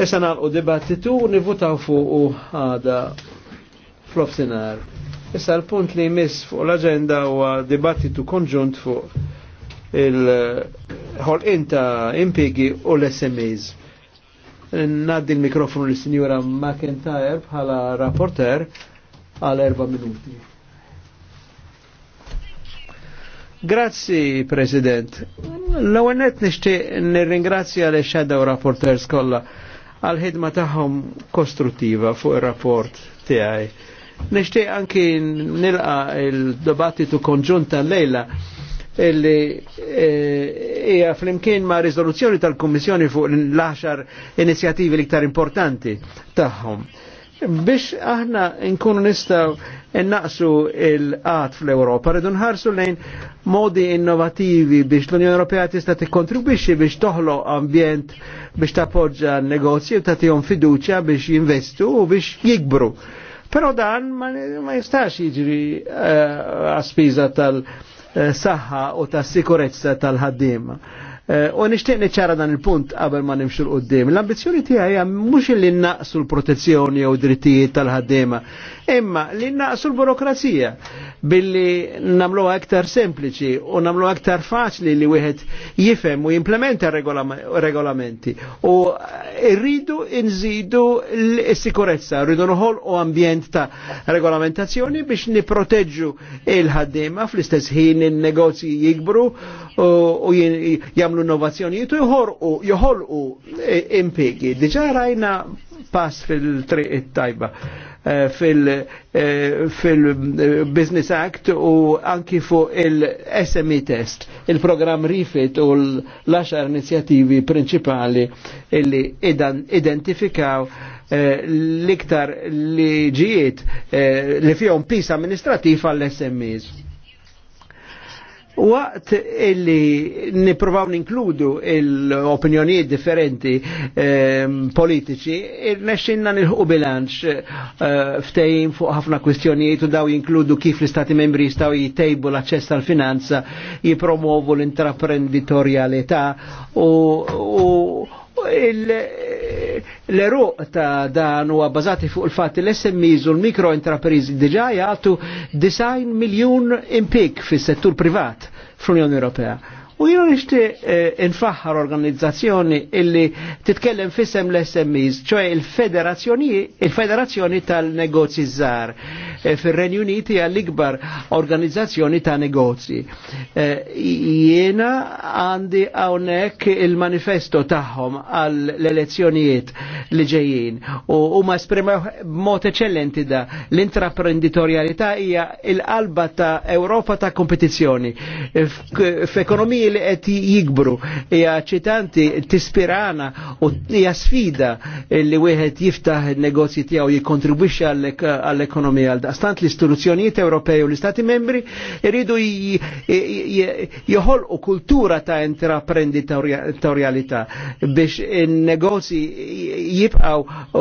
Issa nalqu dibattitu nivutaw fuq għada fl-ofsinar. Issa l-punt li jmiss fuq l-agenda huwa dibattitu konġunt fuq il ħolqien ta' impigi u l-SMEs. Naddi l-mikrofonu l-Sinjura McIntyre bħala rapporter għal erba minuti. Grazzi, President. L-għonet nishtiq nir-ringrazzja l-Shadow Rapporters kolla għal-ħidma tagħhom kostruttiva fuq ir-rapport tijaj. Nishtiq anki nilqa il dobattitu konġunta lejla illi e, hija e, flimkien ma' riżoluzzjoni tal-Kummissjoni fuq l-10 inizjativi l-iktar importanti tagħhom biex aħna nkunu nistaw naqsu il-qat fl-Europa, rridu nħarsu lejn modi innovativi biex l-Unjoni Ewropea tista' tikkontribwixxi biex toħloq ambjent biex tappoġġa n-negozji u tagħtihom fiduċja biex jinvestu u biex jikbru. Però dan ma jistax jiġri eh, għaspiża tal-saħħa eh, u tas-sikurezza tal-ħaddiema. Uh, Eh, u nixtieq niċċara dan il-punt qabel ma nimxu l-qoddim. L-ambizzjoni tiegħi hija mhux li naqsu l-protezzjoni u drittijiet tal-ħaddiema, imma li naqsu l-burokrazija billi namlu aktar sempliċi u namlu aktar faċli li wieħed jifhem u jimplementa regolamenti. U rridu inżidu l-sikurezza, rridu nħol u ambjent ta' regolamentazzjoni biex niproteġġu il-ħaddiema fl-istess ħin in-negozji jikbru u jagħmlu jagħmlu innovazzjonijiet u jħorqu joħolqu eh, impjegi. Diġà rajna pass fil-triq tajba eh, eh, fil-Business Act u anki fuq il-SME test, il-programm RIFIT u l-10 inizjativi principali illi identifikaw l-iktar ġijiet li fihom pis amministrativ għall-SMEs. Waqt illi niprovaw ninkludu l-opinjonijiet differenti eh, politiċi, irnexxinna nilħu bilanċ eh, ftejn fuq ħafna kwistjonijiet u daw jinkludu kif l-Istati membri jistaw jitejbu l-aċċess tal-finanza, jipromovu l intraprenditorialità u, u l eru ta' dan u bazati fuq il fat l-SMEs u l-mikroentrapriżi diġa jagħtu 9 miljon impik fis-settur privat fl-Unjoni Ewropea. U jienu nixti eh, infaħħar organizzazzjoni illi titkellem fissem l-SMEs, ċoħe il-Federazzjoni tal-Negozji Zar eh, fil-Renju Uniti għall-ikbar organizzazzjoni ta' negozji. Eh, jiena għandi għonek il-manifesto tagħhom għall-elezzjonijiet li ġejjin u ma esprima mod eccellenti da l-intraprenditorialità hija il-qalba ta' Europa ta' kompetizzjoni f'ekonomiji li qed jikbru. Hija ċitanti tispirana u hija sfida li wieħed jiftaħ il-negozji tiegħu jikkontribwixxi għall-ekonomija għal daqstant l-istituzzjonijiet Ewropej u l-Istati membri jridu joħolqu kultura ta' intraprenditorialità biex in-negozji jibqgħu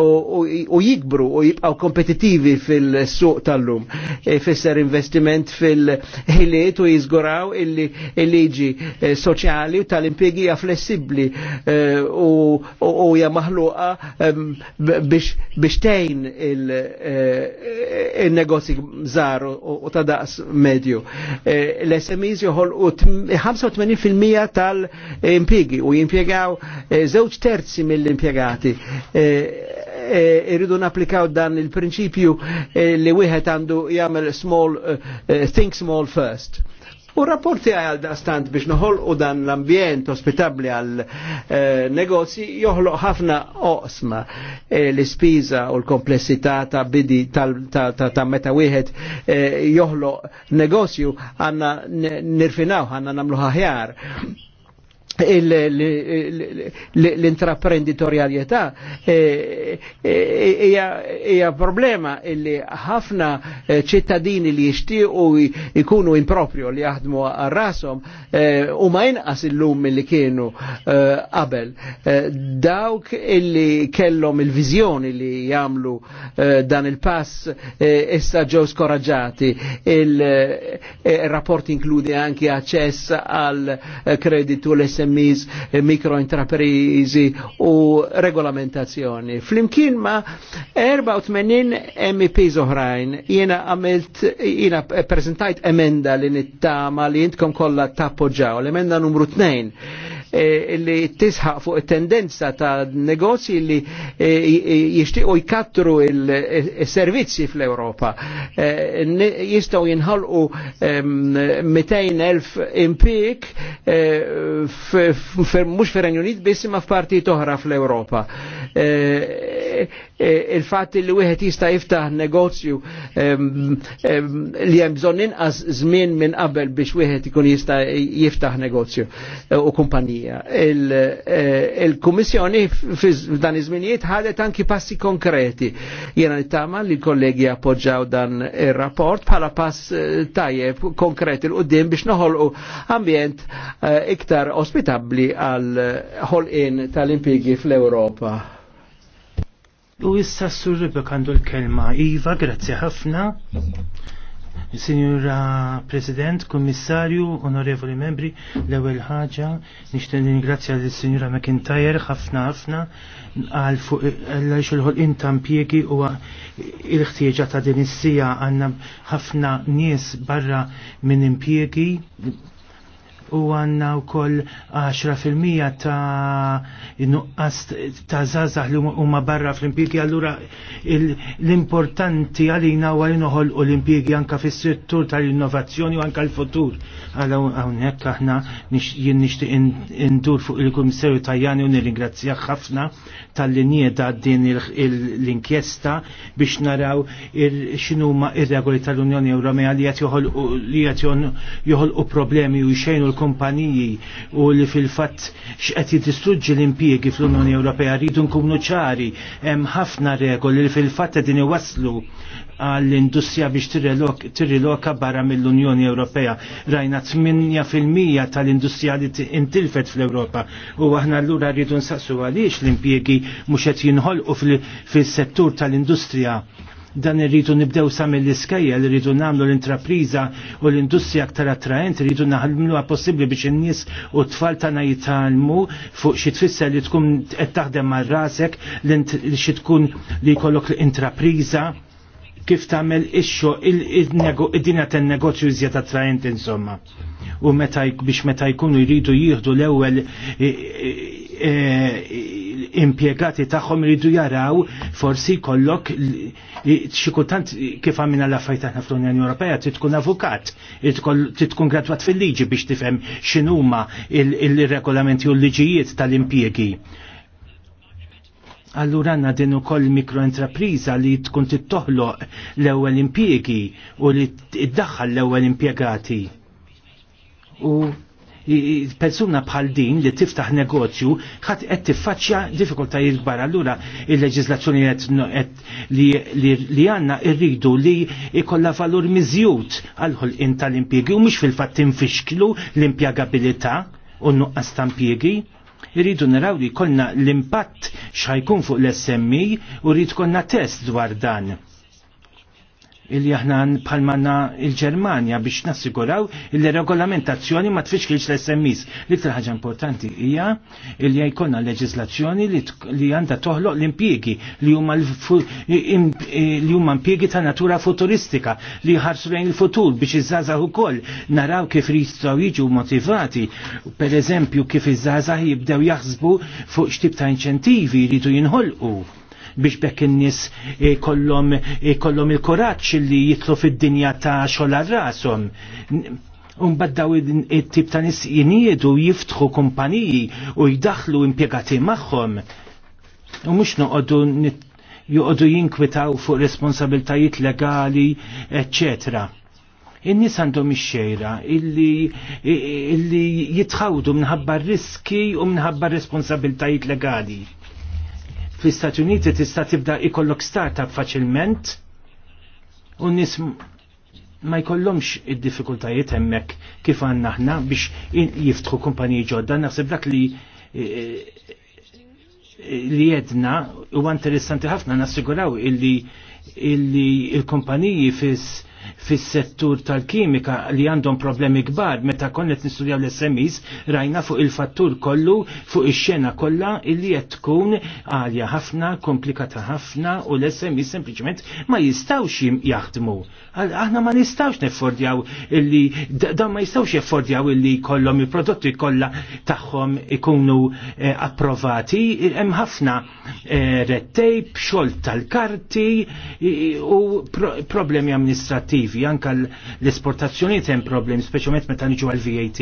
u jikbru u jibqgħu kompetittivi fil-suq tal-lum. E, fisser investiment fil-ħiliet u jizguraw illi liġi Eh, soċjali u tal-impjegi hija flessibbli eh, u hija maħluqa biex tgħin eh, il-negozji żgħar u ta' daqs medju. L-SMEs joħolqu 85% tal-impjegi u jimpjegaw żewġ terzi mill-impjegati irridu napplikaw dan il-prinċipju li wieħed għandu jagħmel small think small first. U rapporti għal dastant biex noħol u dan l-ambjent ospitabli għal eh, negozji joħloq ħafna oqsma eh, l-ispiża u l-komplessità ta' bidi ta' meta wieħed eh, joħloq negozju għanna nirfinaw, għanna namlu ħahjar l-intraprenditorialità eh, eh, hija problema illi ħafna eh, ċittadini li jixtiequ jkunu improprio li jaħdmu għar-rasom u ma jinqas illum li kienu qabel. Dawk illi kellhom il-viżjoni li jagħmlu dan il-pass issa ġew skoraġġati il-rapport inkludi anki aċċess għal kreditu l sm e l-SMEs, eh, mikrointraprizi u regolamentazzjoni. Flimkien ma 84 MPs oħrajn jiena għamilt, jiena prezentajt emenda li nittama li jintkom kolla tappoġġaw, l-emenda numru 2 Eh, li tisħaq fuq tendenza ta' negozji li eh, jishtiqu jkattru il-servizzi eh, fl-Europa. Jistaw jinħalqu 200.000 impik mux fir Unit biss ma f'parti toħra fl-Europa. Il-fatt li wieħed jista' jiftaħ negozju li hemm bżonn inqas żmien minn qabel biex wieħed ikun jista' jiftaħ negozju u kumpanija ekonomija. Eh, Il-Kummissjoni f'dan iż-żminijiet ħadet anki passi konkreti. Jiena nittama li kollegi appoġġaw dan ir-rapport bħala pass eh, tajjeb konkreti l qudiem biex noħolqu ambjent eh, iktar ospitabbli għal ħolqien tal-impjegi fl-Ewropa. U issa s surri kandu l-kelma. Iva, grazzi ħafna. Signora President, Kommissarju, Onorevoli Membri, l-ewel ħaġa, nishten ringrazzja l signora McIntyre ħafna ħafna għal fuq l-xulħol piegi u il-ħtieġa ta' din is-sija għanna ħafna nies barra minn impiegi u għanna u koll 10% ta' nuqqas ta' zazah li huma barra fl-impiegi, allura l-importanti għalina u għalina uħol u l-impiegi anka fis-settur tal-innovazzjoni u anka l-futur. Għalla għonek aħna jien nixtieq indur fuq il-Kummissarju Tajani u nir-ingrazzja ħafna tal-linjeda din l-inkjesta biex naraw x'inhuma ir-regoli tal-Unjoni Ewropea li qed joħolqu problemi u jxejnu l kumpaniji u li fil-fatt x'qed jiddistruġġi l-impjiegi fl-Unjoni Ewropea rridu nkunu ċari hemm ħafna regoli li fil-fatt qegħdin iwasslu għall-industrija biex tirriloka barra mill-Unjoni Ewropea. Rajna 8% tal-industrija li intilfet fl-Ewropa u aħna allura rridu nsaqsu għaliex l-impjiegi mhux qed jinħolqu fil-settur tal-industrija dan irridu nibdew sa mill-iskejja li rridu nagħmlu l-intrapriża u l-industrija aktar attraenti rridu naħdmluha possibbli biex in-nies u t-tfal tagħna jitalmu fuq xi tfisser li tkun qed taħdem mar rasek li xi tkun li jkollok l-intrapriża kif tagħmel ixxu id-dinja tan-negozju iżjed attraenti insomma. U meta biex meta jkunu jridu jieħdu l-ewwel impiegati tagħhom iridu jaraw forsi kollok xikultant kif għamina l-affarijiet fl-Unjoni Ewropea titkun tkun avukat, titkun tkun gradwat fil-liġi biex tifhem x'inhuma il-regolamenti u l-liġijiet tal impiegi Allura għanna din ukoll mikroentrepriża li tkun tittoħloq l-ewwel impjiegi u li tiddaħħal l-ewwel impjegati. U persuna bħal din li tiftaħ negozju ħadd qed tiffaċċja diffikultajiet kbar. Allura il-leġiżlazzjoni li għandna rridu li ikollha valur miżjud għal ħolqien tal-impjegi u mhux fil-fatt tinfixklu l-impjagabilità u nuqqas impjiegi irridu naraw li konna l-impatt xajkun fuq l-SMI u rrid konna test dwar dan illi aħna palmanna il-Germania biex nassiguraw li regolamentazzjoni ma tfixkilx l-SMIs. L-iktar ħaġa importanti hija illi jkollna leġislazzjoni li għandha toħloq l-impjiegi eh, li huma impjiegi ta' natura futuristika li jħarsu lejn il-futur biex iż-żgħażagħ ukoll naraw kif jistgħu jiġu motivati. Per kif iż-żgħażagħ jibdew jaħsbu fuq x'tib ta' inċentivi jridu jinħolqu biex bekk in-nies eh, kollom eh, il-kuraġġ li jitlu fid-dinja ta' xogħol għal rashom. Unbad daw it-tip ta' nis jiniedu jiftħu kumpaniji u jidaxlu impiegati magħhom. U mhux noqogħdu joqogħdu jinkwitaw fuq responsabiltajiet legali, eccetera. In-nies għandhom ix-xejra illi, illi jitħawdu minħabba riski u minħabba responsabiltajiet legali fi istati Uniti tista' tibda ikollok startup faċilment u nis ma jkollhomx id-diffikultajiet hemmhekk kif għandna aħna biex jiftħu kumpaniji ġodda naħseb dak li eh, li jedna u interessanti ħafna nassiguraw illi il-kumpaniji fis fis-settur tal-kimika li għandhom problemi kbar meta konnet nistudjaw l smis rajna fuq il-fattur kollu fuq ix-xena kollha illi qed tkun għalja ħafna, komplikata ħafna u l smis sempliċement ma jistawx jaħdmu. Aħna ma nistawx neffordjaw illi dan ma jistawx jeffordjaw illi kollhom il-prodotti kollha tagħhom ikunu eh, approvati hemm ħafna eh, red tape, xogħol tal-karti u problemi amministrativi negattivi anka l-esportazzjoniet hemm problem, speċjalment meta niġu għal-VAT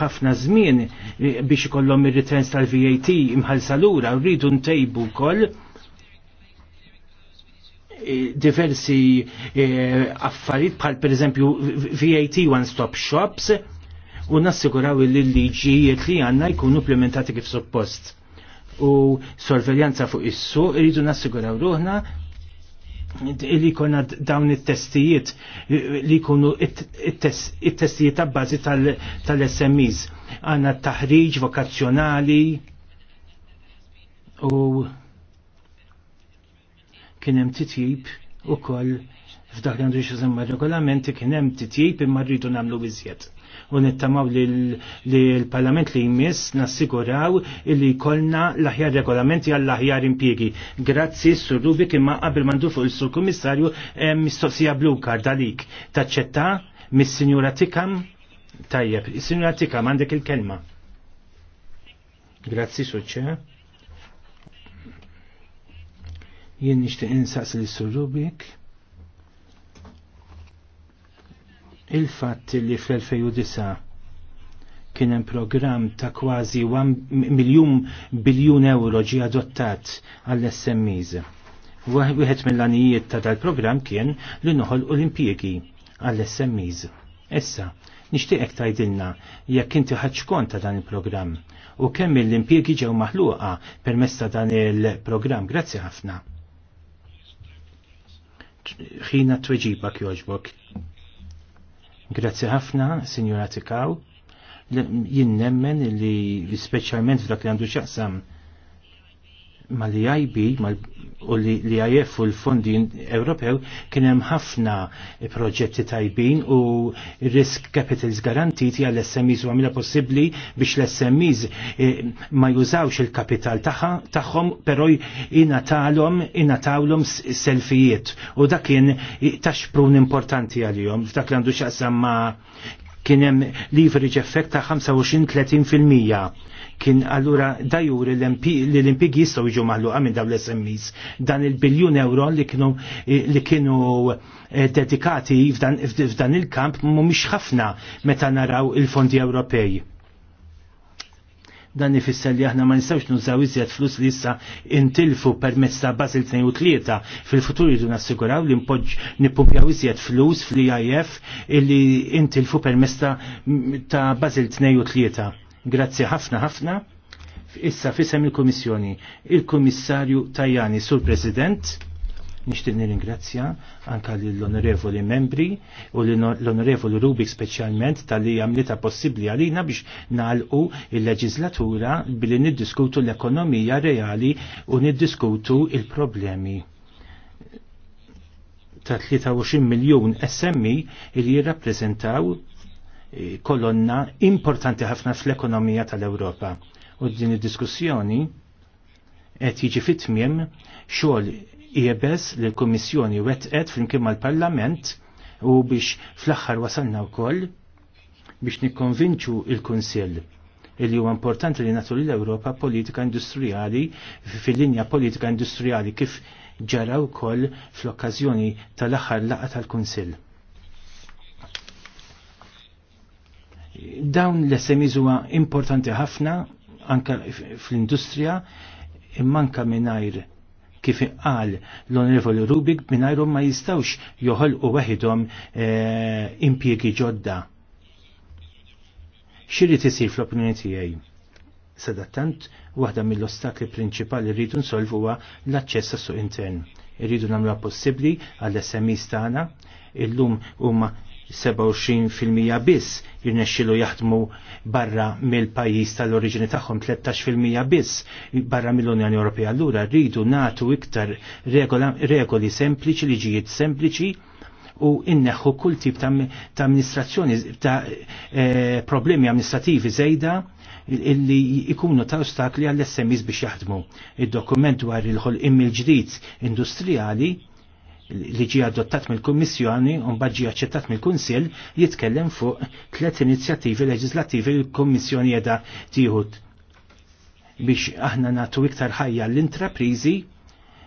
ħafna żmien biex ikollhom ir-returns tal-VAT imħalsalura lura rridu ntejbu wkoll eh, diversi eh, affarijiet bħal pereżempju VAT one stop shops u nassiguraw li l-liġijiet li għandna jkunu implementati kif suppost. U sorveljanza fuq is-suq irridu nassiguraw ruħna li konna dawn it-testijiet li kunu it-testijiet ta' bazi tal-SMEs. Għanna taħriġ vokazzjonali u kienem titjib u koll f'daħgħandu għandu xizemma regolamenti kienem titjib imma rridu namlu bizjet u nittamaw li l-Parlament li jmiss nassiguraw li kolna l-aħjar regolamenti għall-aħjar impiegi. Grazzi, Sur Rubik, imma qabel mandu fuq il-Sur Komissarju eh, mistoqsija blu dalik. Taċċetta mis-Sinjura Tikam? Tajjeb, is-Sinjura Tikam għandek il-kelma. Grazzi, Suċċe. Jien nixtieq insaqs li Sur Rubik il-fatt li fl-2009 kien hemm programm ta' kważi miljun biljun euro ġi adottat għall-SMEs. Wieħed mill għanijiet ta' dal-programm kien li noħol Olimpijegi għall-SMEs. Issa, nixtieqek tgħidilna jekk inti ħaġkont ta' dan il-programm u kemm l-impjiegi ġew maħluqa permezz ta' dan il-programm. Grazzi ħafna. Ħina tweġibak joġbok Grazzi ħafna, Signora Tikaw. Jien nemmen li speċjalment f'dak li għandu xaqsam li ib ma u li e IF u l-fondi Ewropew kien hemm ħafna proġetti tajbin u risk capitals garantiti għall SMEs u għamilha possibbli biex l-SMEs eh, ma jużawx il-kapital tagħhom però jingħatalhom ingħatawlhom selfijiet u dak kien taxprun importanti għalihom f'dak li għandu x'aqsam ma' kien hemm leverage effect ta' 25-30%. Kien allura dajur l-impigi jistgħu jiġu maħluqa minn dawn l-SMEs. Dan il-biljun euro li kienu li kienu eh, dedikati f'dan il-kamp mhumiex ħafna meta naraw il-fondi Ewropej dan ifisser li aħna ma nistgħux nużaw iżjed flus li issa intilfu permezz ta' Basil 2 fil-futur jridu nassiguraw li npoġġ nippumpjaw iżjed flus fl if illi intilfu permezz ta' Basil 2 Grazzi ħafna ħafna. Issa fisem il-Komissjoni, il-Komissarju Tajani, Sur President, Nixtieq ingrazzja anka lill-onorevoli membri u l-onorevoli Rubik speċjalment tal-li għamlita possibbli għalina biex nalqu il-leġislatura billi niddiskutu l-ekonomija reali u niddiskutu il-problemi ta' 23 miljon SMI li jirrappreżentaw eh, kolonna importanti ħafna fl-ekonomija tal-Ewropa. U din id-diskussjoni qed jiġi fit-tmiem xogħol jiebes li l-Komissjoni wetqet flimkien mal-Parlament u biex fl-axħar wasalna wkoll biex nikkonvinċu il-Kunsill il huwa importanti li natu l-Ewropa politika industrijali fil-linja politika industrijali kif ġara wkoll fl-okkażjoni tal-aħħar laqa tal-Kunsill. Dawn l huwa importanti ħafna anka fl-industrija imman mingħajr kif qal l-Onorevoli Rubik mingħajrhom ma jistgħux joħolqu waħidhom e, eh, impjiegi ġodda. Xirrid isir fl-opinjoni tiegħi? Sadattant, waħda mill-ostakli prinċipali rridu nsolvu huwa l-aċċess għas-suq intern. Irridu nagħmluha possibbli għall-SMEs tagħna illum huma 27% biss jirnexxilu jaħdmu barra mill-pajjiż tal-oriġini tagħhom 13% biss barra mill-Unjoni Ewropea. Allura rridu nagħtu iktar regoli sempliċi, liġijiet sempliċi u inneħħu kull tip ta' amministrazzjoni ta' eh, problemi amministrativi żejda illi ikunu ta' ostakli għall-SMIs biex jaħdmu. Id-dokument dwar il-ħolqim il-ġdid industrijali li ġi adottat mill-Kummissjoni u mbagħad ġie aċċettat mill-Kunsill jitkellem fuq tliet inizjattivi leġislattivi li l-Kummissjoni qiegħda Tieħud. biex aħna nagħtu iktar ħajja l-intraprizi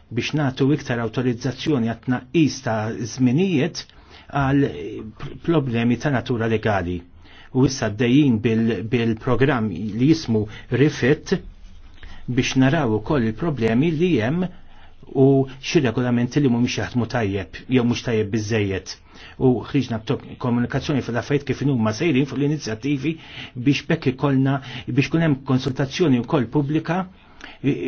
biex nagħtu iktar awtorizzazzjoni għat tnaqqis ta' żminijiet għal problemi ta' natura legali. U issa d bil-programm bil li jismu Rifit biex naraw ukoll il-problemi li hemm u xi regolamenti li mhumiex jaħdmu tajjeb jew mhux tajjeb biżejjed. U ħriġna komunikazzjoni fil kif huma sejrin fuq l-inizjattivi biex bekk ikollna biex kunem hemm konsultazzjoni wkoll pubblika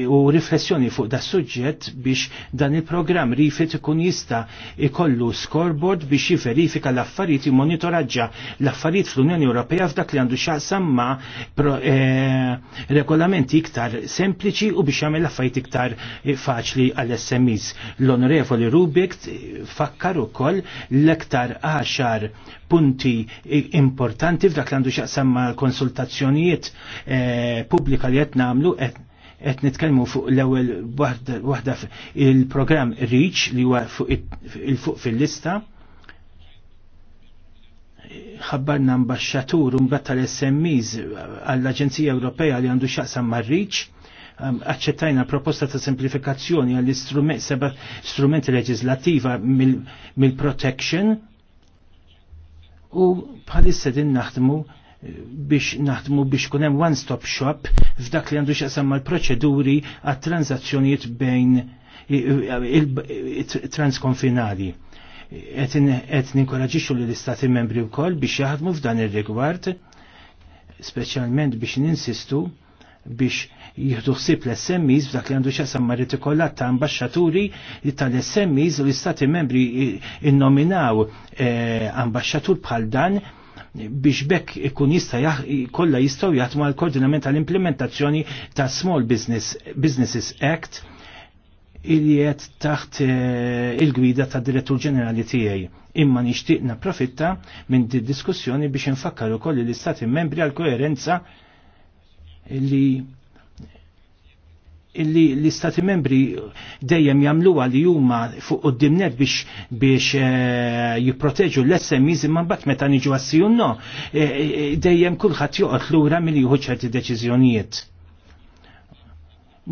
u riflessjoni fuq da suġġett biex dan il-programm rifit ikun jista ikollu scoreboard biex jiverifika l-affarijiet jimmonitoraġġa l-affarijiet fl-Unjoni Ewropea f'dak li għandu xaqsam ma' eh, regolamenti iktar sempliċi u biex jagħmel affarijiet iktar faċli għall smis L-Onorevoli Rubik fakkar ukoll l-iktar għaxar punti importanti f'dak li għandu xaqsam ma' konsultazzjonijiet eh, pubblika li qed nagħmlu qed nitkellmu fuq l-ewwel waħda il-programm Reach li huwa fuq il-fuq fil-lista ħabbarna ambasċatur mbagħad tal-SMEs għall-Aġenzija Ewropea li għandu x'aqsam mar-Reach aċċettajna proposta ta' semplifikazzjoni għall istrument seba strumenti leġislativa mill-protection mil u bħalissa din naħdmu biex naħdmu biex kunem one-stop shop f'dak li għandu xaqsam mal-proċeduri għat transazzjonijiet bejn transkonfinali. Et ninkoraġiċu li l-istati membri u koll biex jaħdmu f'dan il-rigward, specialment biex ninsistu biex jihdu xsib l-SMEs f'dak li għandu xaqsam mal kollha ta' ambasċaturi tal-SMEs u l-istati membri innominaw eh, ambasċatur bħal dan biex bekk ikun jista' kollha jistgħu jaħdmu l koordinament tal-implementazzjoni ta' Small Business Businesses Act il-jiet taħt eh, il-gwida ta' direttur ġenerali tiegħi. Imma nixtieq profitta minn di diskussjoni biex infakkar ukoll l-istati membri għal koerenza li illi l-istati membri dejjem jagħmluha li huma fuq qudiemnet biex biex eh, jipproteġu l-SMEs imma mbagħad meta niġu għassiju no eh, eh, dejjem kulħadd joqgħod lura milli jieħu ċerti deċiżjonijiet.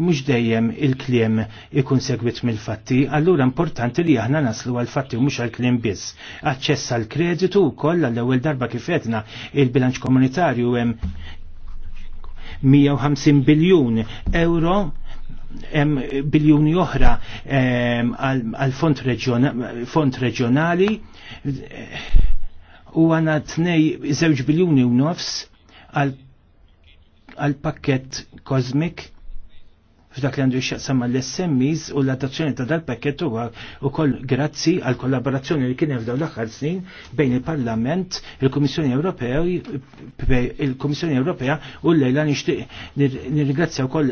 Mhux dejjem il-kliem ikun segwit mill-fatti, allura importanti li aħna naslu għal-fatti u mhux għal-kliem biss. Aċċess għal-kreditu wkoll għall-ewwel darba kif qedna il-bilanċ komunitarju hemm 150 biljun euro hemm biljuni oħra għal fond reġjonali u għana tnej zewġ biljuni u nofs għal pakket kozmik f'dak li għandu jxaqsam l smis u l-adazzjoni ta' dal-pakket huwa ukoll grazzi għal kollaborazzjoni li kien hemm l-aħħar snin bejn il-Parlament, il-Kummissjoni Ewropea, il komissjoni Ewropea u l-lejla nixtieq nirringrazzja wkoll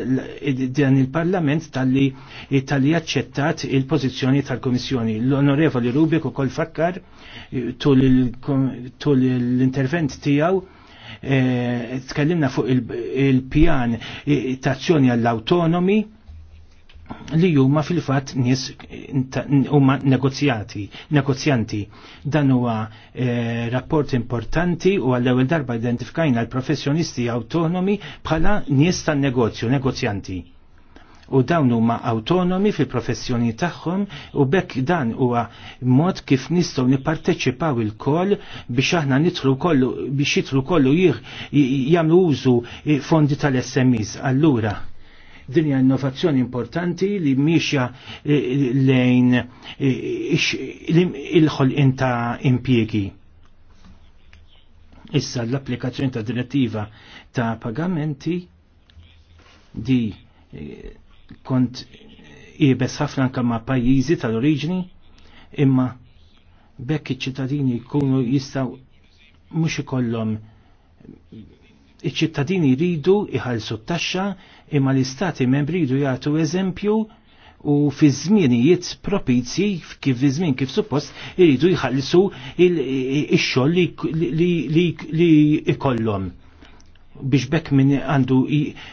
dan il-Parlament tal-li tal aċċettat il-pożizzjoni tal komissjoni L-Onorevoli Rubik ukoll fakkar tul l-intervent tiegħu Eh, tkellimna fuq il-pjan eh, tazzjoni għall-autonomi li huma fil-fatt nies huma negozjati, negozjanti. Dan huwa eh, rapport importanti u għall-ewwel darba identifikajna l-professjonisti autonomi bħala nies tan-negozju, negozjanti u dawn huma autonomi fil-professjoni tagħhom u bekk dan huwa mod kif nistgħu nipparteċipaw il-koll biex aħna nitlu kollu biex jitlu kollu jagħmlu użu eh, fondi tal-SMEs. Allura, din hija innovazzjoni importanti li mixja eh, lejn eh, il-ħolqien ta' impjiegi. Issa l-applikazzjoni ta' direttiva ta' pagamenti di kont jibes ħafna anka ma' pajjiżi tal-oriġini, imma bekk iċ-ċittadini jkunu jistaw mhux ikollhom iċ-ċittadini jridu iħallsu t-taxxa imma l-istati membri jridu jagħtu eżempju u fi żmienijiet propizji kif fi żmien kif suppost jridu jħallsu ix-xogħol li ikollhom biex bekk min għandu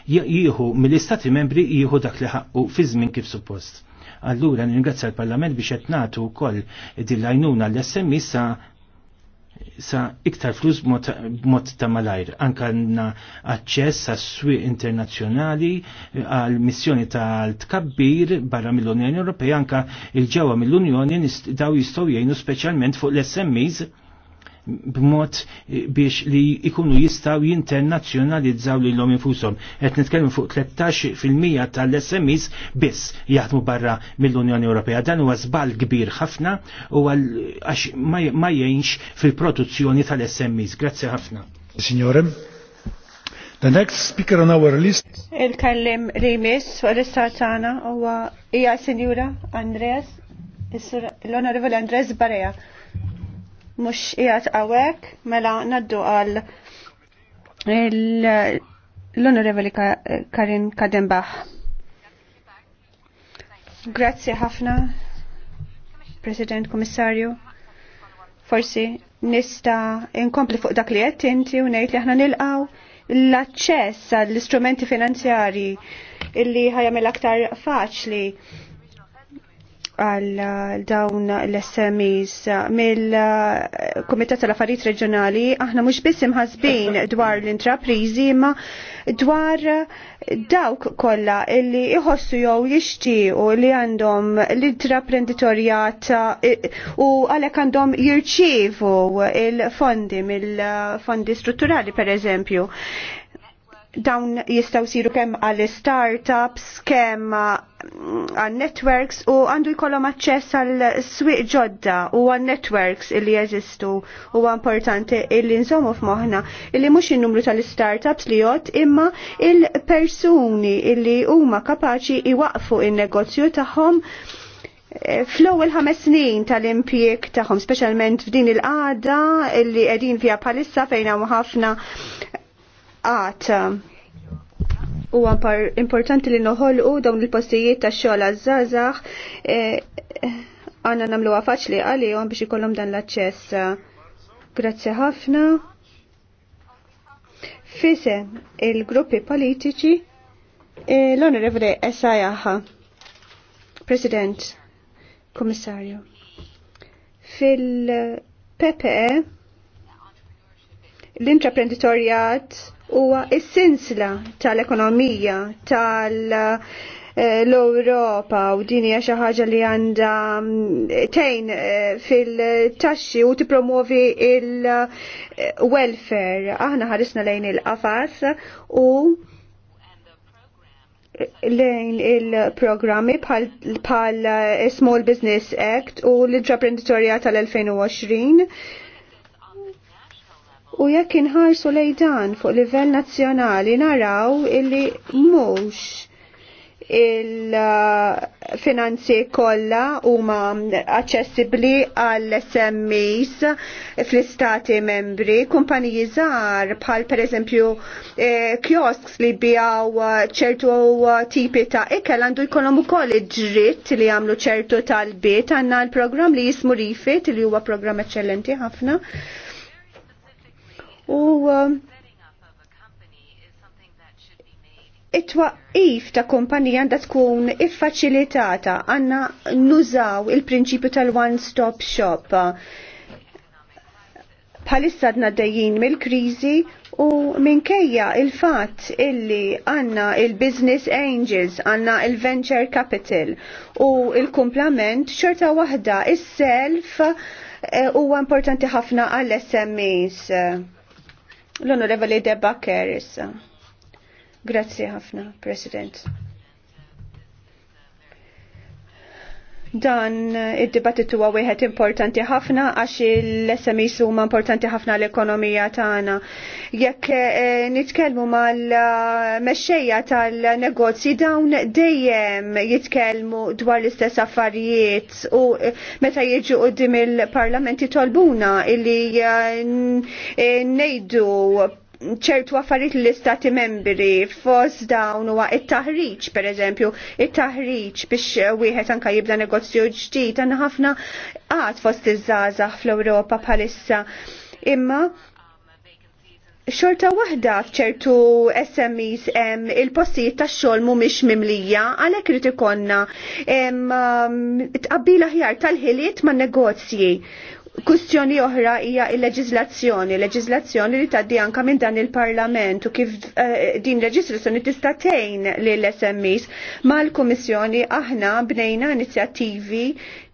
jieħu mill-istati membri jieħu dak li ħaqqu fi żmien kif suppost. Allura ningrazzja l-Parlament biex qed nagħtu wkoll din l-għajnuna l-SMI sa sa iktar flus b'mod ta' malajr. Anka għandna aċċess għas swieq internazzjonali għal missjoni tal-tkabbir barra mill-Unjoni Ewropea anka il-ġewwa mill-Unjoni daw jistgħu jgħinu speċjalment fuq l smis b'mod eh, biex li ikunu jistaw jinternazzjonalizzaw li l lom infusom. Et nitkellmu fuq 13% tal-SMIs biss jaħdmu barra mill-Unjoni Ewropea. Dan huwa żball kbir ħafna u għax ma jgħinx fil-produzzjoni tal-SMIs. Grazzi ħafna. Signore, The next speaker on our list. Il-kallim Rimis, jmiss u l-istatana huwa hija Sinjura Andreas, l-Onorevole Andreas Barea mux jgħat għawek, mela naddu għal l-Onorevoli Karin Kadenbach. Grazie ħafna, President Komissarju. Forsi nista inkompli fuq dak li qed inti u ngħid li aħna nilqaw l-aċċess għall-istrumenti finanzjari illi ħajamil aktar faċli għal dawn l-SMEs mill-Kumitat tal-Affarijiet Reġjonali aħna mhux biss imħasbin dwar l-intrapriżi imma dwar dawk kollha illi iħossu jew jixtiequ li għandhom l-intraprenditorjat eh, u għalhekk għandhom jirċievu il-fondi mill-fondi strutturali pereżempju dawn jistaw siru kem għal startups, kem għal networks u għandu jkollhom aċċess għal swieq ġodda u għal networks illi jeżistu u importanti illi nżommu f'moħħna illi mhux in-numru tal-startups li jgħod imma il-persuni illi huma kapaċi iwaqfu il negozju tagħhom eh, fl-ewwel ħames snin tal-impjek tagħhom, speċjalment f'din il qada illi qegħdin fija bħalissa fejn hawn ħafna għat um, u importanti li noħolqu dawn il-postijiet ta' xogħol eh, għanna namlu għafax nagħmluha faċli għalihom biex ikollhom dan l-aċċess. Grazzi ħafna. Fise il-gruppi politiċi eh, l-Onorevole Esajaha, President, Komissarju. Fil-PPE, l-intraprenditorjat huwa is sinsla tal-ekonomija tal-Europa u din hija xi ħaġa li għandha eh, tejn eh, fil-taxxi u tippromovi il-welfare. Aħna ħarisna lejn il-qafas u lejn il-programmi bħal eh, Small Business Act u l-Intraprenditorja tal-2020 U jekk inħarsu lejdan fuq livell nazzjonali naraw illi mhux il-finanzi kollha huma aċċessibbli għall smes fl-istati membri, kumpaniji żgħar bħal pereżempju eh, kiosks li bijaw ċertu tipi ta' ikel għandu jkollhom ukoll id-dritt li jagħmlu ċertu tal-bit għandna l-programm li jismu Rifit li huwa programm eċċellenti ħafna u um, it-twaqif ta' kumpanija għandha tkun iffaċilitata għandna nużaw il-prinċipju tal-one stop shop. Bħalissa għadna mill-kriżi u minkejja il-fatt illi għanna il-business angels, għanna il-venture capital u il-komplement xorta waħda is-self eh, huwa importanti ħafna għall-SMEs L-Onorevoli Debba Keris. Grazie ħafna, President. Dan eh, id-dibattitu huwa wieħed importanti ħafna għax l-SMEs huma importanti ħafna l-ekonomija tagħna. Jekk eh, nitkellmu mal-mexxejja tal-negozji dawn dejjem jitkellmu dwar l-istess affarijiet u eh, meta jiġu qudiem il parlamenti tolbuna illi ngħidu ċertu affarijiet l-istati membri fos dawn huwa it-taħriġ pereżempju, it-taħriġ biex wieħed anka jibda negozju ġdid għandna ħafna għad fost iż-żgħażagħ fl-Ewropa bħalissa. Imma xorta waħda fċertu SMEs il-postijiet ta' xol mumiex mimlija, għalek rrit ikonna tqabbila ħjar tal-ħiliet ma' negozji Kustjoni oħra hija il-leġizlazzjoni, leġizlazzjoni li taddi anka minn dan il-Parlament u kif uh, din leġizlazzjoni tista' tgħin lill-SMEs mal-Kummissjoni aħna bnejna inizjattivi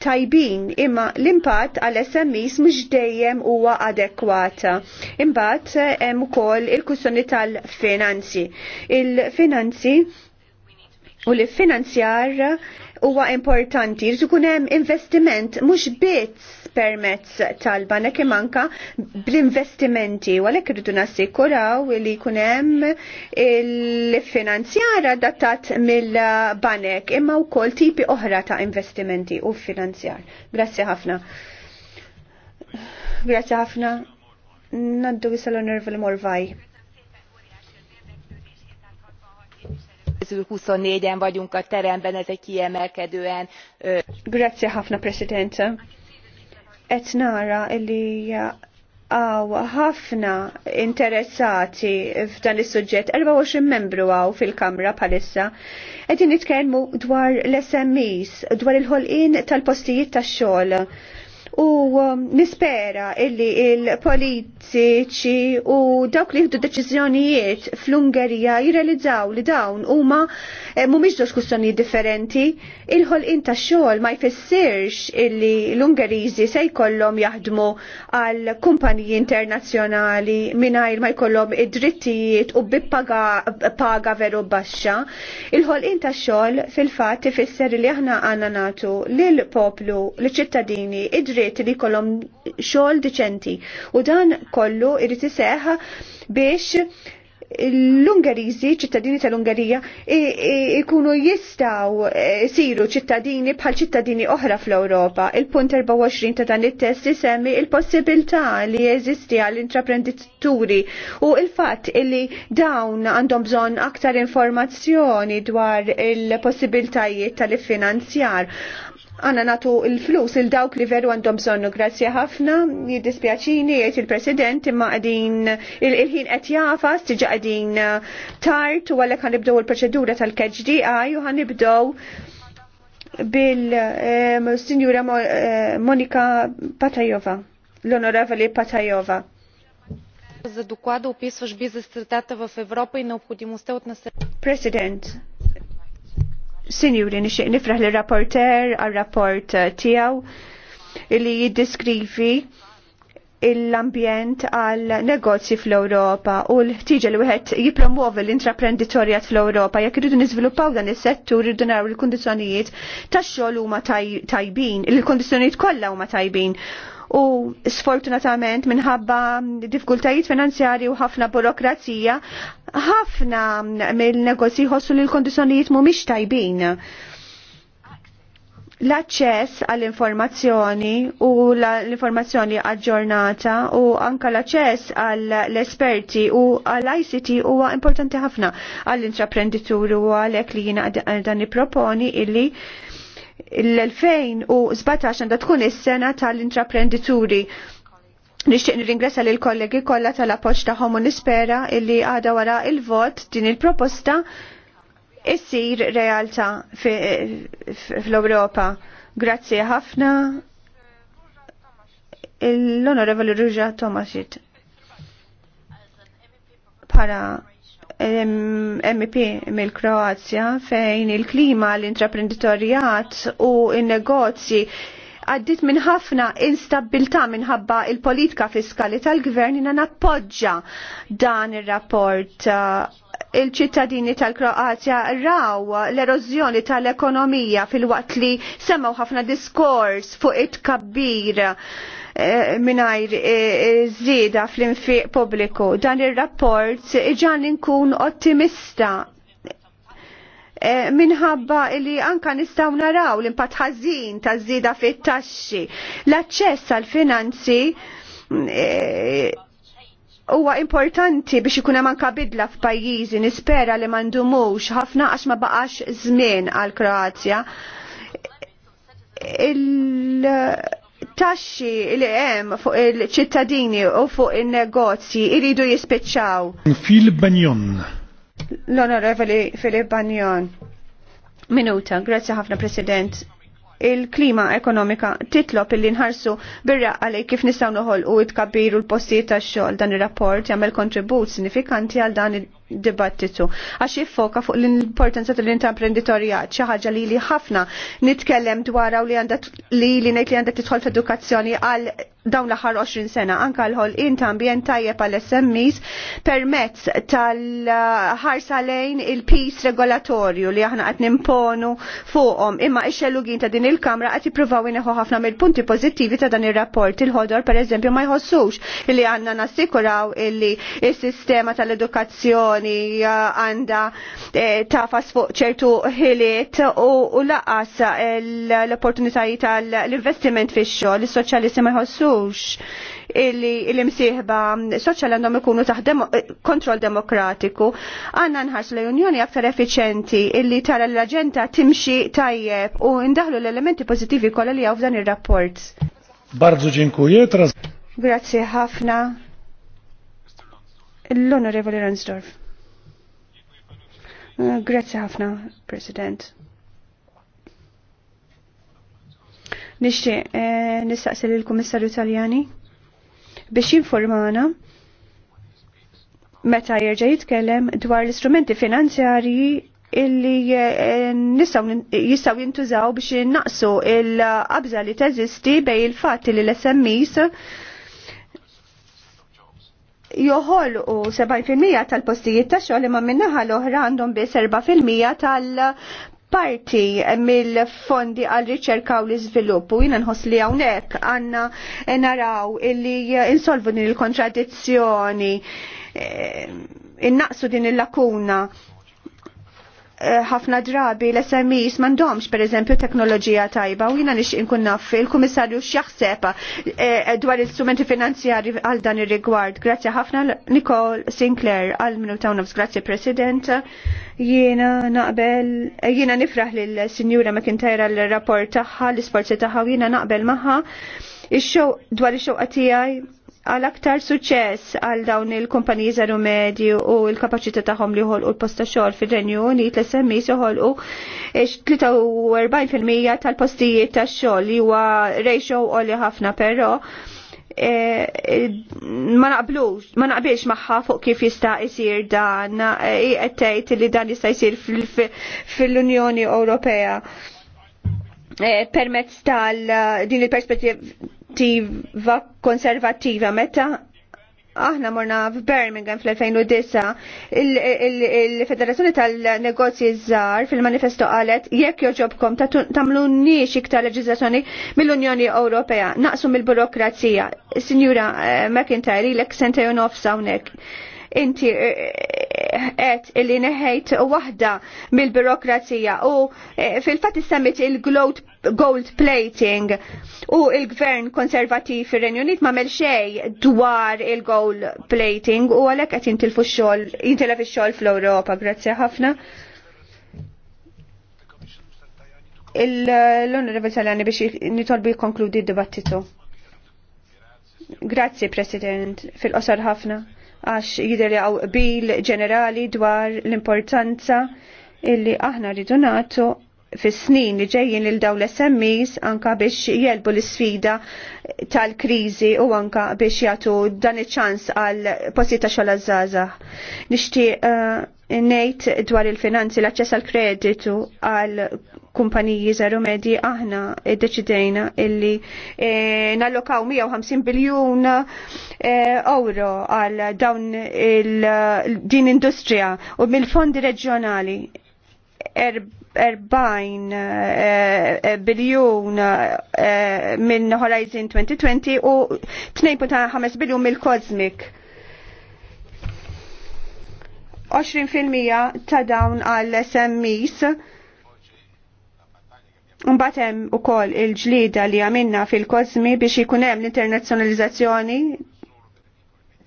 tajbin imma l-impatt għal SMEs mhux dejjem huwa adekwata. Imbagħad eh, hemm ukoll il-kustjoni tal-finanzi. Il-finanzi u l-finanzjar huwa importanti, jrid ikun hemm investiment mhux biss permezz tal-banek manka bl-investimenti u għalhekk irridu nassikuraw li jkun hemm il-finanzjara datat mill-banek imma wkoll tipi oħra ta' investimenti u finanzjar. Grazzi ħafna. Grazzi ħafna. Naddu jisal onorvil Morvaj. 24-en vagyunk a teremben, kiemelkedően... Grazie, ħafna, Presidente qed nara li għaw ħafna interessati f'dan is-suġġett 24 membru għaw fil-kamra palissa. Qegħdin nitkellmu dwar l-SMEs, dwar il-ħolqien tal-postijiet tax-xogħol. U um, nispera illi il-politiċi u dawk li jħdu deċiżjonijiet fl-Ungerija jirrealizzaw li dawn huma Eh, mhumiex diskussjoni differenti. Il-ħolqien tax-xogħol ma jfissirx illi l-Ungeriżi se jkollhom jaħdmu għal kumpaniji internazzjonali mingħajr ma jkollhom id-drittijiet u paga veru baxxa. Il-ħolqien tax-xogħol fil-fatt ifisser li aħna għandna nagħtu l poplu, l ċittadini id-dritt li jkollhom xogħol diċenti u dan kollu irid iseħħ biex l-Ungeriżi, ċittadini tal-Ungerija, ikunu jistaw eh, siru ċittadini bħal ċittadini oħra fl-Ewropa. Il-punt 24 ta' dan it-test isemmi il-possibilità li jeżisti għall intraprenditturi u il-fatt li dawn għandhom bżonn aktar informazzjoni dwar il-possibilitajiet tal-finanzjar għanna natu il-flus il-dawk li veru għandhom bżonnu. Grazie ħafna, jiddispjaċini, jgħet il-president imma għadin il-ħin għet jafas, tiġa għadin uh, tart u għallek għanibdow il-proċedura tal-KHDI u għanibdow bil-Sinjura um, uh, Monika Patajova, l-Onorevoli Patajova. President, Sinjuri, nixtieq nifraħ li rapporter għal-rapport eh, tiegħu li jiddiskrivi l-ambjent għal negozji fl-Ewropa u l-ħtiġa li wieħed jippromuovi l-intraprenditorjat fl-Ewropa jekk iridu niżviluppaw dan is-settur irridu naraw il-kundizzjonijiet tax-xogħol huma tajbin, il-kundizzjonijiet kollha huma tajbin u sfortunatament minħabba diffikultajiet finanzjari u ħafna burokrazija, ħafna mill-negozji ħossu li l-kondizjonijiet mhumiex tajbin l aċċess għall-informazzjoni u l-informazzjoni aġġornata u anka l aċċess għall-esperti u għall-ICT huwa importanti ħafna għall-intraprenditur u għalhekk li jiena dan proponi illi l-2017 għandha tkun is-sena tal-intraprendituri. Nixtieq nirringressa lil kollegi kollha tal-appoġġ tagħhom u nispera illi għada wara il-vot din il-proposta issir realtà fl-Ewropa. Grazzi ħafna l-Onorevoli Ruġa Tomasit. Para MP mill-Kroazja fejn il-klima, l-intraprenditorjat u il-negozji għaddit minn ħafna instabilità minħabba il-politika fiskali tal-gvern jina nappoġġa dan ir-rapport il-ċittadini tal kroazja raw l-erożjoni tal-ekonomija fil-waqt li semgħu ħafna diskors fuq it-kabbir Eh, minajr eh, eh, zida fl-infiq publiku. Dan il-rapport iġan nkun ottimista minħabba li anka nistaw naraw l-impat ħażin ta' żieda fit-taxxi. L-aċċess għal finanzi huwa importanti biex ikun hemm anka bidla f'pajjiżi nispera li m'għandumux ħafna għax ma baqax żmien għal Kroazja taxxi li hemm fuq il-ċittadini u fuq in-negozji iridu jispiċċaw. Fil Banjon. L-Onorevoli Filip Banjon. Minuta, grazzi ħafna President il-klima ekonomika titlob illi nħarsu birra li kif nistaw noħol u tkabbiru l-postijiet tax xogħol dan ir-rapport jagħmel kontribut sinifikanti għal dan il-brugno dibattitu. Għax jiffoka fuq l-importanza tal-intraprenditorjat, xi ħaġa li li ħafna nitkellem dwar u li għandha li li ngħid li għandha tidħol f'edukazzjoni għal dawn l-aħħar 20 sena anka l-ħol ta' ambjent tajjeb għal SMEs permezz tal-ħarsa lejn il-pis regolatorju li aħna qed nimponu fuqhom imma ix-xellugin ta' din il-Kamra qed jippruvaw ineħu ħafna mill-punti pożittivi ta' dan ir-rapport il-ħodor pereżempju ma jħossux li għandna nassikuraw illi s-sistema tal-edukazzjoni l eh, għanda eh, tafas fuq ċertu ħiliet u laqas eh, l-opportunitajiet tal-investiment fix-xogħol is-soċjalisti ma jħossux illi l-imsieħba soċjal għandhom ikunu taħt kontroll demokratiku, għanna nħarx l-Unjoni aktar effiċenti illi tara l aġenda timxi tajjeb u ndaħlu l-elementi pożittivi kollha li għaw f'dan ir-rapport. Bardzo dziękuję. Teraz... Grazie Hafna. L-Onorevoli Ransdorf. Eh, grazzi ħafna, President. Nixtieq eh, nistaqsil nistaqsi lill-Kummissarju Taljani biex jinformana meta jirġa jitkellem dwar l-istrumenti finanzjarji illi eh, jistaw jintużaw biex naqsu il-qabża li teżisti bej il-fatti li l-SMIs joħolqu 7% tal-postijiet ta' xogħol imma minnaħa l-oħra għandhom biss 4% tal- parti mill-fondi għal riċerka u l iżvilupp u jiena nħoss li hawnhekk għandna naraw illi insolvu din il-kontradizzjoni eh, innaqsu din il-lakuna Eh, ħafna drabi l-SMEs mandomx per eżempju teknoloġija tajba u jina nix inkun naf il-komissarju xjaħseb eh, dwar il-strumenti finanzjari għal dan ir-rigward. Grazie ħafna Nicole Sinclair għal minuta nofs, grazzi President. Jiena naqbel, eh, Jina nifraħ lill-Sinjura McIntyre l-rapport tagħha, l-isforzi tagħha u jiena naqbel magħha. Ix-xew dwar ix-xewqa tiegħi għal aktar suċess għal dawn il-kumpaniji żaru medju u l-kapaċità tagħhom li jħolqu l-posta xogħol fir-Renju Unit l-SMI joħolqu 43% tal-postijiet tax-xogħol li huwa ratio li ħafna però e, e, ma naqblux, ma naqbilx magħha fuq kif jista' jsir dan, e, qed tgħid li dan jista' jsir fil-Unjoni Ewropea permezz tal din il-perspettiva konservativa konservativa meta aħna morna f'Birmingham fl-2009 il-Federazzjoni tal-Negozji Żgħar fil-manifesto qalet jekk joġobkom niex iktar leġiżlazzjoni mill-Unjoni Ewropea naqsu mill-burokrazija. Sinjura eh, McIntyre ilek sentejn nofsa hawnhekk. Inti qed eh, eh, illi neħejt waħda mill-burokrazija u fil-fatt issemmit il-glowed gold plating u il-gvern konservativ fir renju Unit ma mel xej dwar il-gold plating u għalek għet jintilfu xol, xol fl-Europa, grazzi ħafna. L-Onorevole Salani biex nitolbu konkludi d-dibattitu. Grazzi, President, fil-qosar ħafna għax jidher għaw bil ġenerali dwar l-importanza illi aħna rridu nagħtu fis-snin li ġejjin lil dawn l-SMEs anka biex jelbu l-isfida tal-kriżi u anka biex jagħtu dan iċ-ċans għal postijiet ta' xogħol żgħażagħ. Nixtieq eh, ngħid dwar il-finanzi l-aċċess għal kreditu għal kumpaniji żaru medji aħna deċidejna illi e, nallokaw 150 biljun eh, euro għal dawn il, din industrija u mill-fondi reġjonali er- 40 eh, eh, biljun eh, minn Horizon 2020 u 2.5 biljon mill Cosmic. 20% ta' dawn għal SMEs. Mbatem u koll il-ġlida li għamilna fil-kozmi biex jikunem l-internazzjonalizzazzjoni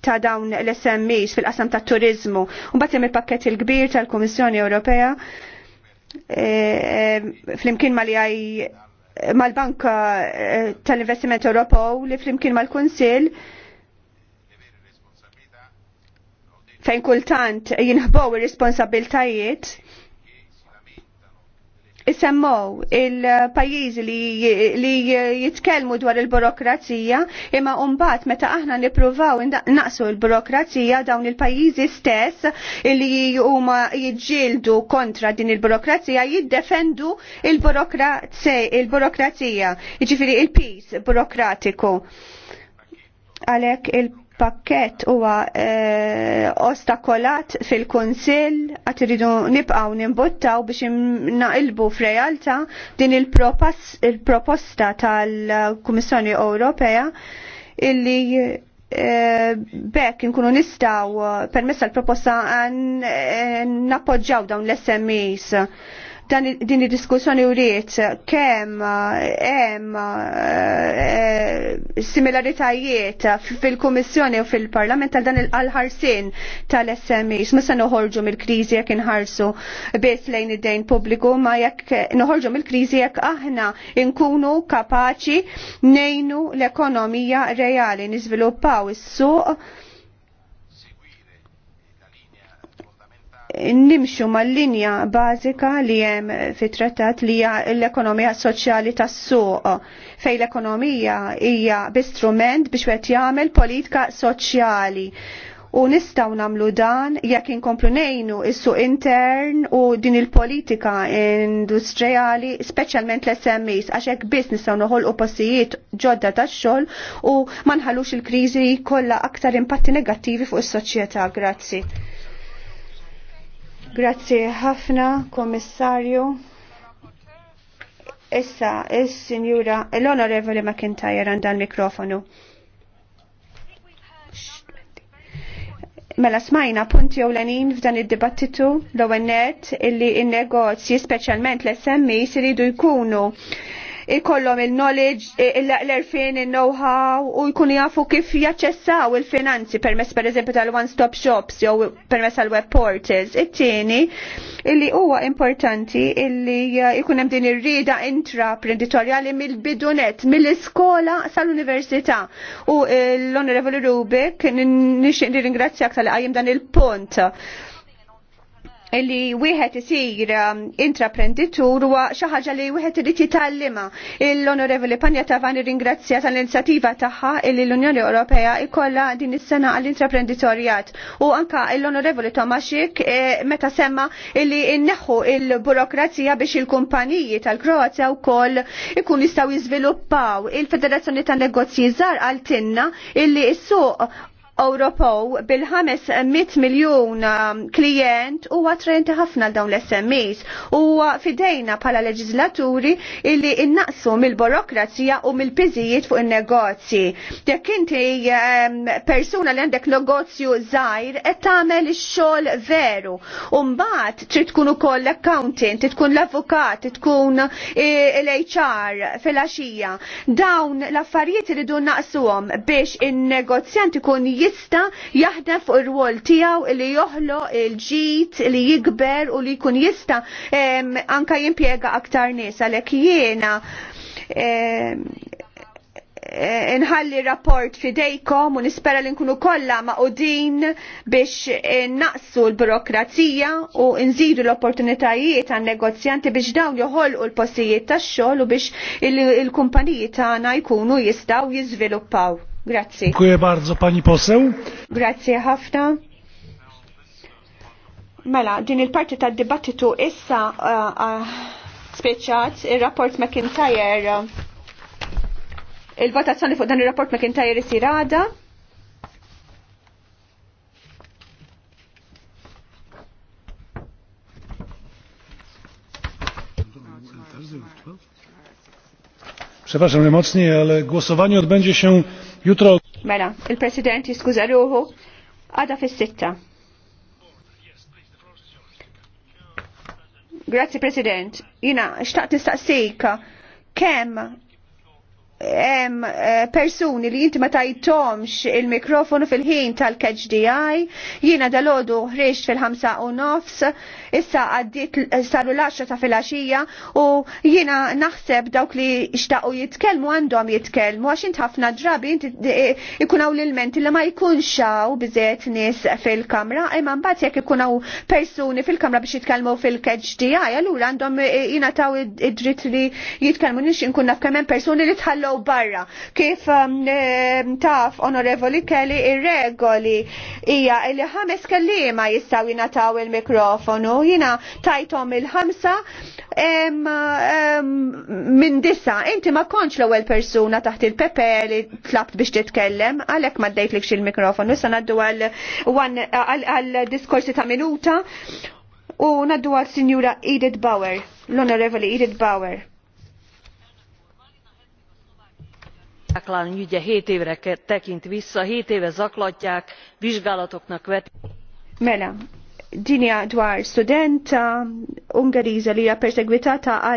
ta' dawn l-SMEs fil-qasam ta' turizmu. Mbatem il-pakket il-kbir tal-Komissjoni Ewropea Eh, eh, flimkien mal eh, mal-Banka tal-Investiment Ewropew li flimkien mal-Kunsill fejn kultant jinħbow ir-responsabiltajiet semmow il-pajjiżi li jitkellmu dwar il-burokrazija imma mbagħad meta aħna nippruvaw naqsu l-burokrazija dawn il-pajjiżi stess li huma jiġġieldu kontra din il-burokrazija jiddefendu il-burokrazija, jiġifieri il-peace burokratiku. għalek il pakket huwa e, ostakolat fil-Kunsill għat iridu nibqgħu nimbuttaw biex naqilbu f'realtà din il-proposta il tal-Kummissjoni Ewropea illi e, bekk nkunu nistaw permessa l-proposta nappoġġjaw dawn l-SMEs din id-diskussjoni uriet kemm hemm eh, similaritajiet fil-Kummissjoni u fil-Parlament għal dan il-ħarsin tal-SMEs. Ma se noħorġu mill-kriżi jekk inħarsu biss lejn id-dejn pubbliku, ma jekk noħorġu mill-kriżi jekk aħna nkunu kapaċi nejnu l-ekonomija reali, niżviluppaw is-suq nimxu mal-linja bażika li hemm fit-trattat li hija l-ekonomija soċjali tas-suq fej l-ekonomija hija bistrument biex qed jagħmel politika soċjali. U nistaw namlu dan jekk inkomplu ngħinu is-suq intern u din il-politika industrijali, speċjalment l-SMEs, għax hekk biss nistgħu noħolqu postijiet ġodda tax-xogħol u ma nħallux il-kriżi kollha aktar impatti negattivi fuq is-soċjetà. Grazzi. Grazzi ħafna, komissarju. Issa, il sinjura l onorevole McIntyre għandan mikrofonu. mela smajna punti ewlenin f'dan id-dibattitu l-ewwel illi n-negozji speċjalment l-SMI siridu jkunu ikollhom il-knowledge, l-erfin, il-know-how u jkunu jafu kif jaċċessaw il-finanzi permess per eżempju tal-one-stop shops jew permess tal-web portals. It-tieni illi huwa importanti illi eh, jkun hemm din ir-rieda intraprenditorjali mill-bidunet, mill-iskola sal-università. U eh, l-Onorevoli Rubik nixtieq nirringrazzjak tal-qajjem dan il-punt Illi wieħed isir um, intraprenditur huwa xi ħaġa li wieħed irid jitgħallima. L-Onorevoli Panja Tavani ringrazzja tal-inizjattiva tagħha li l-Unjoni Ewropea jkollha din is-sena għall-intraprenditorjat. U anka l-Onorevoli Tomaxik eh, meta semma li nneħħu il-burokrazija biex il-kumpaniji tal-Kroazja wkoll ikun jistgħu jiżviluppaw. Il-Federazzjoni tan-Negozji żgħar għaltinna illi s-suq Ewropew bil-500 miljun um, klient huwa għatrenti ħafna dawn l-SMEs huwa fidejna bħala leġislaturi illi innaqsu mill-burokrazija u mill pizijiet fuq in-negozji. Jekk inti um, persuna li għandek negozju żgħir qed tagħmel ix-xogħol veru. U mbagħad trid tkun ukoll l-accountant, tkun l-avukat, tkun eh, l-HR fil axija Dawn l-affarijiet iridu naqsuhom biex in-negozjant ikun jista jaħdem fuq ir-rwol tiegħu li joħlo il-ġid li jikber u li jkun jista em, anka jimpjega aktar nies għalhekk jiena nħalli rapport fidejkom u nispera li nkunu kollha maqudin biex eh, naqsu l-burokrazija u nżidu l-opportunitajiet għan negozjanti biex dawn joħolqu l-postijiet tax-xogħol u biex il-kumpaniji tagħna jkunu jistgħu jiżviluppaw. Grazzi. Dziękuję bardzo pani poseł. Grazie hafta. Mela, din il-parti ta' dibattitu issa uh, uh, speċat il-rapport McIntyre uh, il-votazzjoni fuq dan il-rapport McIntyre isir għada. Przepraszam najmocniej, ale głosowanie odbędzie się Jutro. Mela, il-President jiskuża ruħu għada fis-sitta. Grazie President, jina xtaqt nistaqsik kem hemm eh, persuni li inti ma tajtomx il-mikrofonu fil-ħin tal DI, jiena dalodu ħriġt fil-5 u nofs, issa għaddit eh, saru l-10 ta' fil-axija u jiena naħseb dawk li xtaqu jitkellmu għandhom jitkellmu għax inti ħafna drabi inti eh, ikunaw l-ilment li ma jkunxaw bizet nies fil-kamra, imma mbagħad jekk ikunaw persuni fil-kamra biex jitkellmu fil DI, allura għandhom jina taw id-dritt li jitkellmu nix inkun naf kemm persuni li tħallu jitħallew barra. Kif um, eh, taf, onorevoli Kelly, ir-regoli hija li ħames kellima jistgħu jingħataw il-mikrofonu. Jina tajtom il-ħamsa minn disa. Inti ma konċ l-ewwel persuna taħt il-pepe li tlabt biex titkellem, għalhekk ma ddejtlikx il-mikrofonu. Issa ngħaddu għal diskorsi ta' minuta u naddu għal Sinjura Edith Bauer, l-Onorevoli Edith Bauer. zaklány ügye hét évre tekint vissza hét éve zaklatják vizsgálatoknak vetik. mela dinja dwar studenta ungeriża li hija